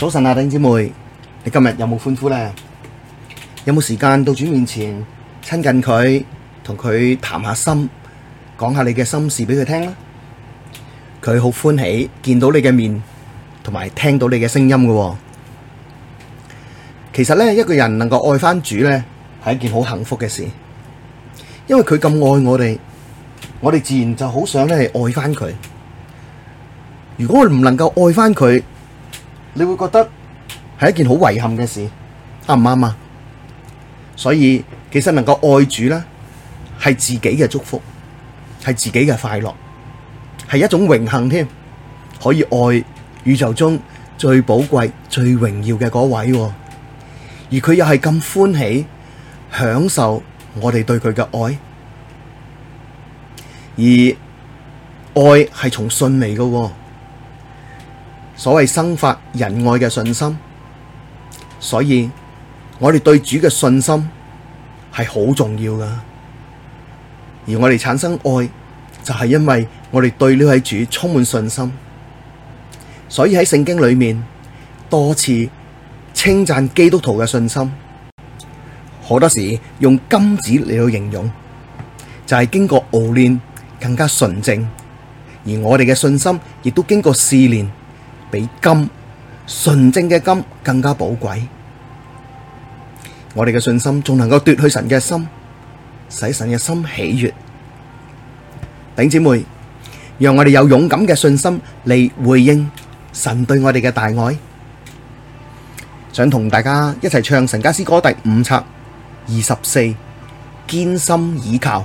早晨啊，弟兄姊妹，你今日有冇歡呼呢？有冇時間到主面前親近佢，同佢談下心，講下你嘅心事俾佢聽呢？佢好歡喜見到你嘅面，同埋聽到你嘅聲音嘅。其實呢，一個人能夠愛返主呢，係一件好幸福嘅事，因為佢咁愛我哋，我哋自然就好想呢係愛返佢。如果我唔能夠愛返佢，你會覺得係一件好遺憾嘅事，啱唔啱啊？所以其實能夠愛主咧，係自己嘅祝福，係自己嘅快樂，係一種榮幸添。可以愛宇宙中最寶貴、最榮耀嘅嗰位，而佢又係咁歡喜享受我哋對佢嘅愛，而愛係從信嚟嘅。所謂生發仁愛嘅信心，所以我哋對主嘅信心係好重要噶。而我哋產生愛，就係因為我哋對呢位主充滿信心。所以喺聖經裏面多次稱讚基督徒嘅信心，好多時用金子嚟到形容，就係經過熬煉更加純正。而我哋嘅信心亦都經過試煉。比金純正嘅金更加寶貴，我哋嘅信心仲能夠奪去神嘅心，使神嘅心喜悅。弟兄姊妹，讓我哋有勇敢嘅信心嚟回應神對我哋嘅大愛。想同大家一齊唱《神家詩歌》第五冊二十四，堅心倚靠。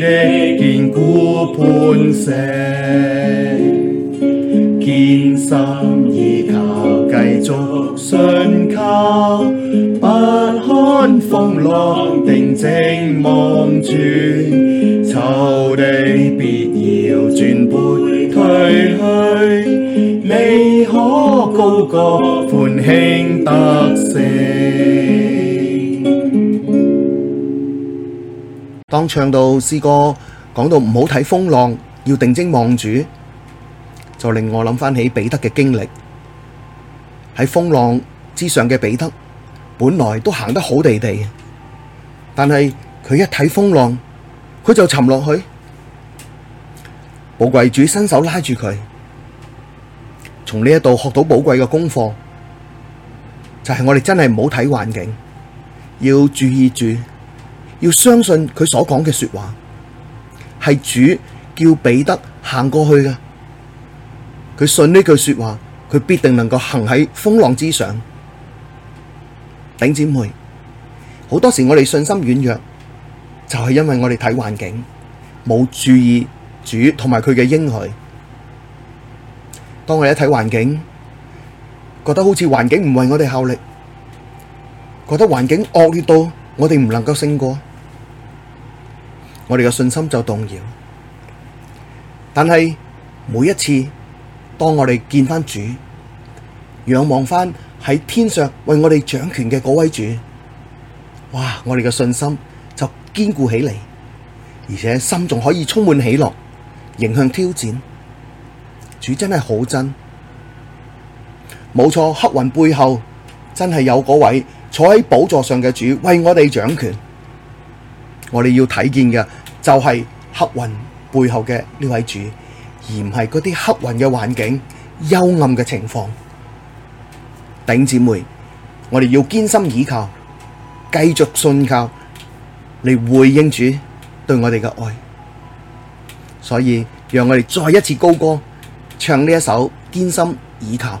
的堅固磐石，堅心倚靠！繼續信靠！不看風浪，定睛望住，仇敵必要轉背退去，你可高歌，歡慶得勝。當唱到詩歌，講到唔好睇風浪，要定睛望主，就令我諗翻起彼得嘅經歷。喺風浪之上嘅彼得，本來都行得好地地，但係佢一睇風浪，佢就沉落去。寶貴主伸手拉住佢，從呢一度學到寶貴嘅功課，就係我哋真係唔好睇環境，要注意住。要相信佢所講嘅說話，係主叫彼得行過去嘅。佢信呢句說話，佢必定能夠行喺風浪之上。頂姊妹，好多時我哋信心軟弱，就係因為我哋睇環境，冇注意主同埋佢嘅應許。當我哋一睇環境，覺得好似環境唔為我哋效力，覺得環境惡劣到我哋唔能夠勝過。我哋嘅信心就動搖，但係每一次當我哋見返主，仰望返喺天上為我哋掌權嘅嗰位主，哇！我哋嘅信心就堅固起嚟，而且心仲可以充滿喜樂，迎向挑戰。主真係好真，冇錯，黑雲背後真係有嗰位坐喺寶座上嘅主為我哋掌權。我哋要睇見嘅就係、是、黑雲背後嘅呢位主，而唔係嗰啲黑雲嘅環境、幽暗嘅情況。頂姐妹，我哋要堅心倚靠，繼續信靠嚟，回應主對我哋嘅愛。所以，讓我哋再一次高歌，唱呢一首堅心倚靠。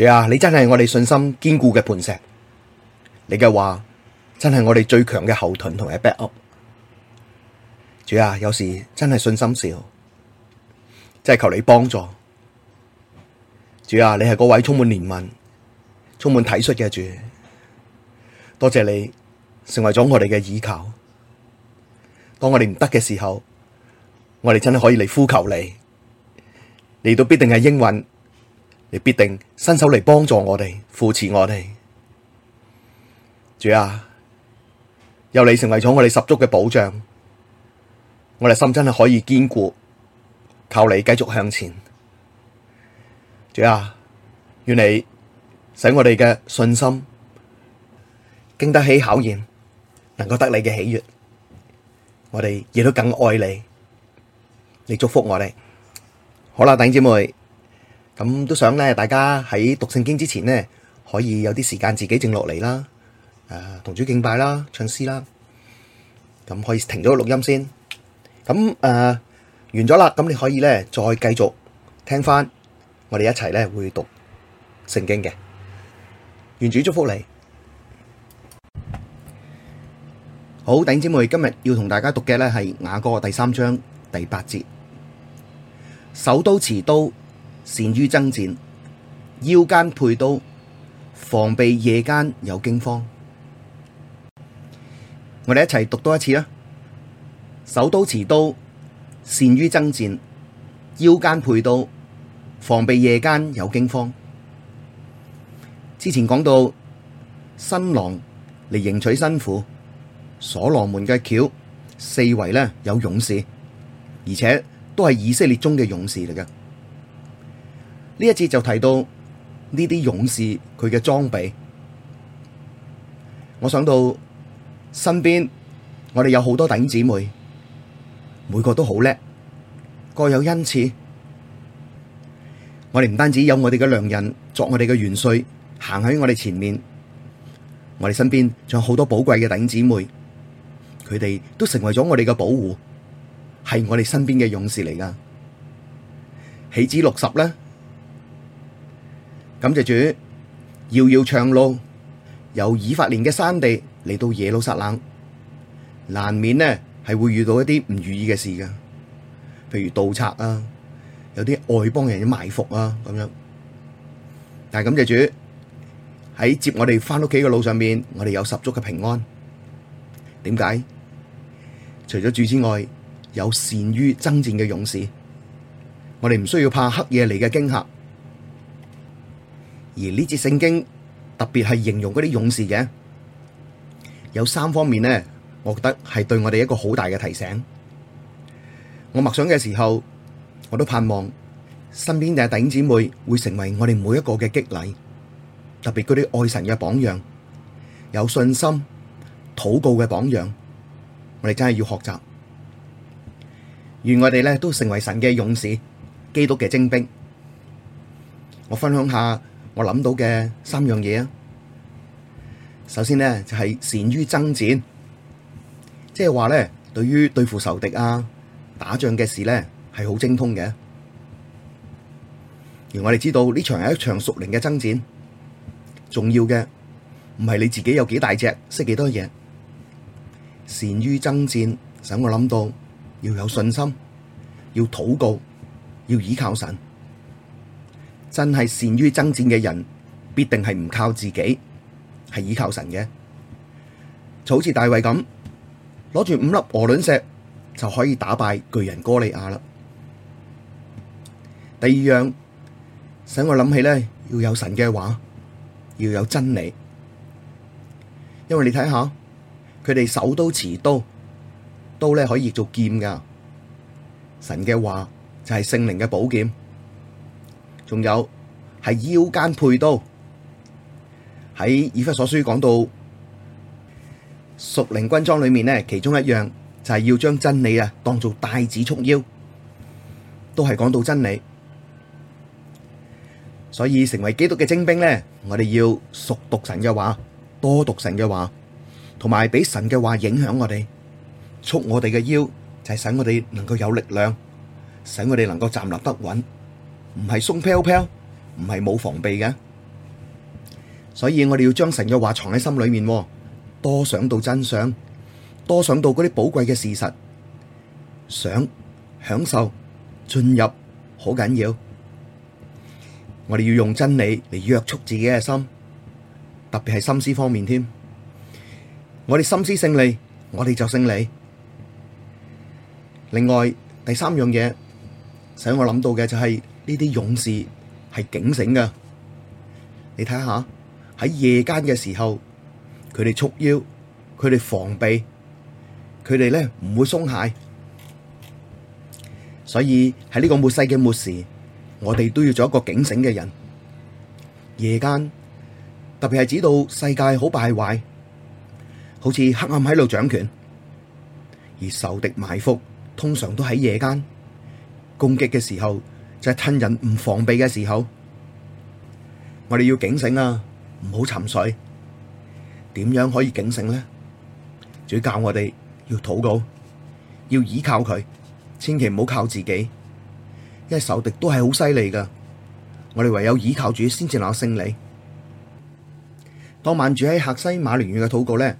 主啊，你真係我哋信心堅固嘅磐石，你嘅話真係我哋最強嘅後盾同埋 back up。主啊，有時真係信心少，真係求你幫助。主啊，你係嗰位充滿憐憫、充滿體恤嘅主，多謝你成為咗我哋嘅依靠。當我哋唔得嘅時候，我哋真係可以嚟呼求你，嚟到必定係應允。你必定伸手嚟幫助我哋，扶持我哋。主啊，由你成為咗我哋十足嘅保障，我哋心真係可以堅固，靠你繼續向前。主啊，願你使我哋嘅信心經得起考驗，能夠得你嘅喜悅，我哋亦都更愛你。你祝福我哋，好啦，弟兄姊妹。咁都想咧，大家喺讀聖經之前呢，可以有啲時間自己靜落嚟啦，誒，同主敬拜啦，唱詩啦，咁可以停咗個錄音先。咁、嗯、誒、呃，完咗啦，咁你可以咧再繼續聽翻，我哋一齊咧會讀聖經嘅。願主祝福你。好，頂姐妹，今日要同大家讀嘅咧係雅歌第三章第八節，手都持刀，善於爭戰，腰間佩刀，防備夜間有驚慌。我哋一齊讀多一次啦。手都持刀，善於爭戰，腰間佩刀，防備夜間有驚慌。之前講到新郎嚟迎娶新婦，所羅門嘅橋四圍咧有勇士，而且都係以色列中嘅勇士嚟嘅。呢一節就提到呢啲勇士佢嘅裝備，我想到身邊我哋有好多頂姊妹，每個都好叻，各有恩賜。我哋唔單止有我哋嘅良人作我哋嘅元帥，行喺我哋前面，我哋身邊仲有好多寶貴嘅頂姊妹，佢哋都成為咗我哋嘅保護，係我哋身邊嘅勇士嚟噶。豈止六十咧？感謝主，遙遙長路，由以法蓮嘅山地嚟到耶路撒冷，難免呢係會遇到一啲唔如意嘅事嘅，譬如盜賊啊，有啲外邦人嘅埋伏啊咁樣。但係感謝主，喺接我哋翻屋企嘅路上面，我哋有十足嘅平安。點解？除咗主之外，有善於爭戰嘅勇士，我哋唔需要怕黑夜嚟嘅驚嚇。而呢節聖經特別係形容嗰啲勇士嘅，有三方面呢，我覺得係對我哋一個好大嘅提醒。我默想嘅時候，我都盼望身邊嘅弟兄姊妹會成為我哋每一個嘅激勵，特別嗰啲愛神嘅榜樣，有信心、禱告嘅榜樣，我哋真係要學習。願我哋呢都成為神嘅勇士、基督嘅精兵。我分享下。我諗到嘅三樣嘢啊，首先呢就係善於爭戰，即係話呢對於對付仇敵啊、打仗嘅事呢係好精通嘅。而我哋知道呢場係一場屬靈嘅爭戰，重要嘅唔係你自己有幾大隻、識幾多嘢，善於爭戰使我諗到要有信心，要禱告，要倚靠神。真係善於征戰嘅人，必定係唔靠自己，係倚靠神嘅。就好似大衛咁，攞住五粒鵝卵石就可以打敗巨人哥利亞啦。第二樣，使我諗起咧，要有神嘅話，要有真理。因為你睇下，佢哋手都持刀，刀咧可以做劍噶。神嘅話就係、是、聖靈嘅寶劍。仲有係腰間佩刀，喺《以弗所書》講到屬靈軍裝裏面呢，其中一樣就係要將真理啊，當做帶子束腰，都係講到真理。所以成為基督嘅精兵呢，我哋要熟讀神嘅話，多讀神嘅話，同埋俾神嘅話影響我哋，束我哋嘅腰就係使我哋能夠有力量，使我哋能夠站立得穩。唔係鬆飄飄，唔係冇防備嘅，所以我哋要將神嘅話藏喺心裏面，多想到真相，多想到嗰啲寶貴嘅事實，想享受進入，好緊要。我哋要用真理嚟約束自己嘅心，特別係心思方面添。我哋心思勝利，我哋就勝利。另外第三樣嘢，使我諗到嘅就係、是。呢啲勇士係警醒嘅，你睇下喺夜間嘅時候，佢哋束腰，佢哋防備，佢哋咧唔會鬆懈，所以喺呢個末世嘅末時，我哋都要做一個警醒嘅人。夜間特別係指到世界好敗壞，好似黑暗喺度掌權，而仇敵埋伏通常都喺夜間攻擊嘅時候。就趁人唔防備嘅時候，我哋要警醒啊！唔好沉睡。點樣可以警醒呢？主教我哋要禱告，要倚靠佢，千祈唔好靠自己，因為仇敵都係好犀利噶。我哋唯有倚靠主，先至能夠勝利。當晚主喺客西馬尼園嘅禱告呢，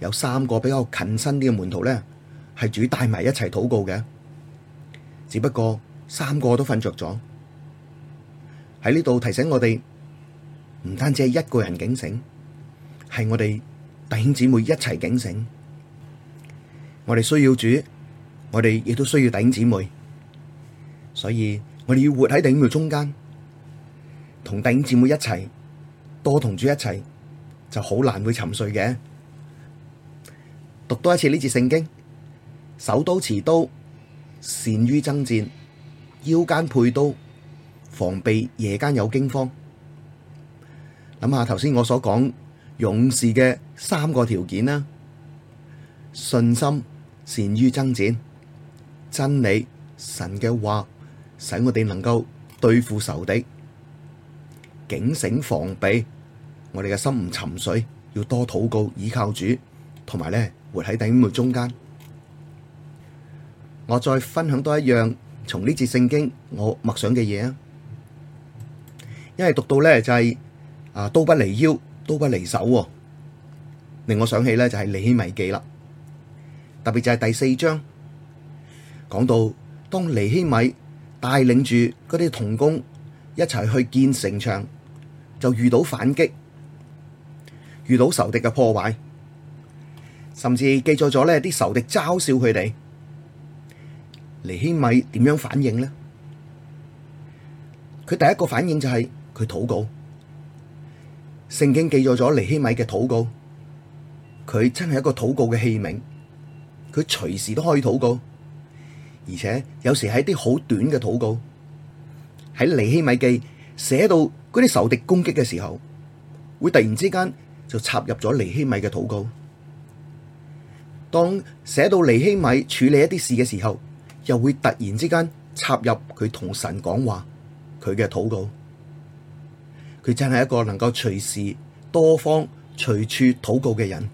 有三個比較近身啲嘅門徒呢，係主帶埋一齊禱告嘅，只不過。三個都瞓着咗，喺呢度提醒我哋，唔單止係一個人警醒，係我哋弟兄姊妹一齊警醒。我哋需要主，我哋亦都需要弟兄姊妹，所以我哋要活喺弟兄妹中間，同弟兄姊妹一齊，多同主一齊，就好難會沉睡嘅。讀多一次呢節聖經，手都持刀，善於爭戰。腰間佩刀，防備夜間有驚慌。諗下頭先我所講勇士嘅三個條件啦：信心、善於爭戰、真理、神嘅話，使我哋能夠對付仇敵，警醒防備。我哋嘅心唔沉睡，要多禱告，倚靠主，同埋咧活喺頂末中間。我再分享多一樣。從呢節聖經，我默想嘅嘢啊，因為讀到呢，就係啊，刀不離腰，刀不離手，令我想起呢，就係尼希米記啦。特別就係第四章講到，當尼希米帶領住嗰啲同工一齊去建城牆，就遇到反擊，遇到仇敵嘅破壞，甚至記載咗呢啲仇敵嘲笑佢哋。尼希米點樣反應呢？佢第一個反應就係佢禱告。聖經記載咗尼希米嘅禱告，佢真係一個禱告嘅器皿，佢隨時都可以禱告，而且有時係啲好短嘅禱告，喺尼希米記寫到嗰啲仇敵攻擊嘅時候，會突然之間就插入咗尼希米嘅禱告。當寫到尼希米處理一啲事嘅時候，又會突然之間插入佢同神講話，佢嘅禱告，佢真係一個能夠隨時多方隨處禱告嘅人。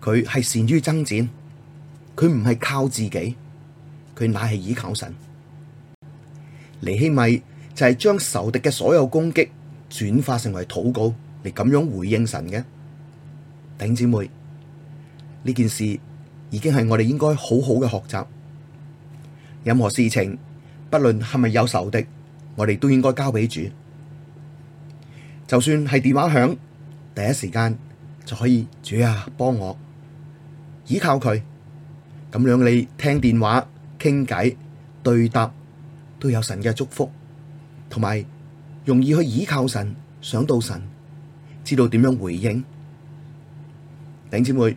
佢係善於爭戰，佢唔係靠自己，佢乃係倚靠神。尼希米就係將仇敵嘅所有攻擊轉化成為禱告嚟咁樣回應神嘅。丁姊妹，呢件事。已經係我哋應該好好嘅學習，任何事情不論係咪有仇敵，我哋都應該交俾主。就算係電話響，第一時間就可以主啊，幫我依靠佢，咁樣，你聽電話傾偈對答都有神嘅祝福，同埋容易去倚靠神，想到神知道點樣回應，頂姐妹。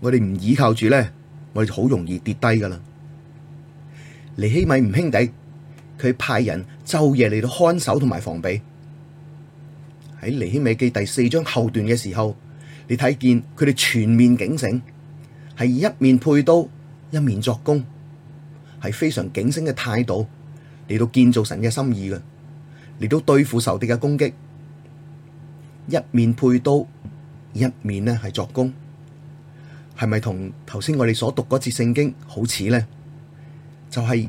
我哋唔依靠住呢，我哋好容易跌低噶啦。尼希米唔兄弟，佢派人晝夜嚟到看守同埋防備。喺尼希米記第四章後段嘅時候，你睇見佢哋全面警醒，係一面配刀，一面作工，係非常警醒嘅態度嚟到建造神嘅心意嘅，嚟到對付仇敵嘅攻擊，一面配刀，一面呢係作工。係咪同頭先我哋所讀嗰節聖經好似呢？就係、是、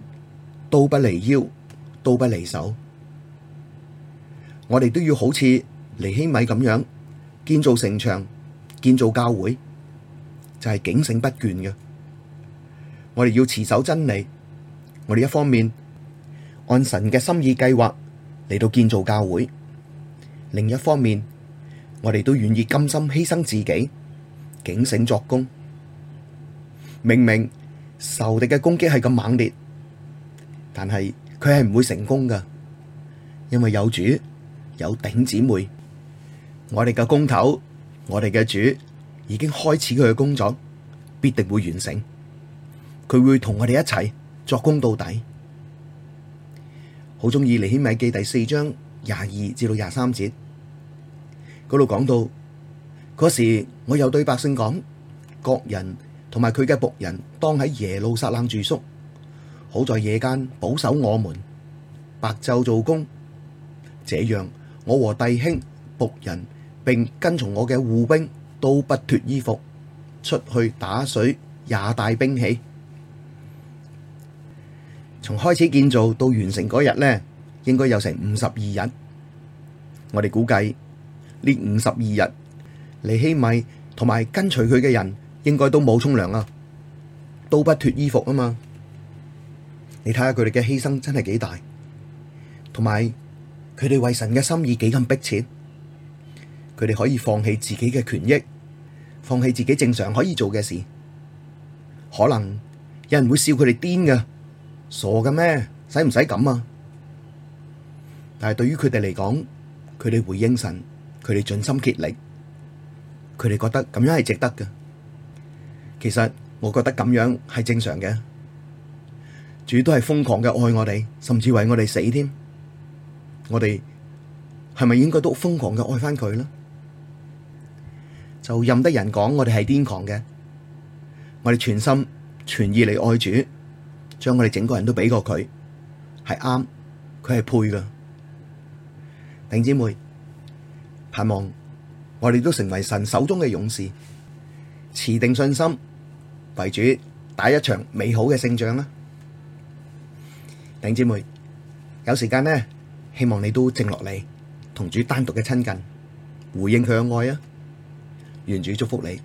刀不離腰，刀不離手。我哋都要好似尼希米咁樣建造城牆、建造教會，就係、是、警醒不倦嘅。我哋要持守真理。我哋一方面按神嘅心意計劃嚟到建造教會，另一方面我哋都願意甘心犧牲自己，警醒作工。明明仇敵嘅攻擊係咁猛烈，但係佢係唔會成功噶，因為有主有頂姊妹，我哋嘅工頭，我哋嘅主已經開始佢嘅工作，必定會完成。佢會同我哋一齊作工到底。好鍾意尼希米記第四章廿二至到廿三節嗰度講到嗰時，我又對百姓講，各人。同埋佢嘅僕人，當喺耶路撒冷住宿。好在夜間保守我們，白晝做工。這樣我和弟兄僕人並跟從我嘅護兵，都不脱衣服出去打水，也帶兵器。從開始建造到完成嗰日呢，應該有成五十二日。我哋估計呢五十二日，尼希米同埋跟隨佢嘅人。應該都冇沖涼啊，都不脫衣服啊嘛。你睇下佢哋嘅犧牲真係幾大，同埋佢哋為神嘅心意幾咁迫切，佢哋可以放棄自己嘅權益，放棄自己正常可以做嘅事。可能有人會笑佢哋癲㗎，傻嘅咩？使唔使咁啊？但係對於佢哋嚟講，佢哋回應神，佢哋盡心竭力，佢哋覺得咁樣係值得嘅。其實我覺得咁樣係正常嘅，主都係瘋狂嘅愛我哋，甚至為我哋死添。我哋係咪應該都瘋狂嘅愛翻佢呢？就任得人講我哋係癲狂嘅，我哋全心全意嚟愛主，將我哋整個人都俾過佢，係啱，佢係配噶。弟兄姊妹，盼望我哋都成為神手中嘅勇士，持定信心。為主打一場美好嘅勝仗啦，弟兄姊妹，有時間呢，希望你都靜落嚟，同主單獨嘅親近，回應佢嘅愛啊！願主祝福你。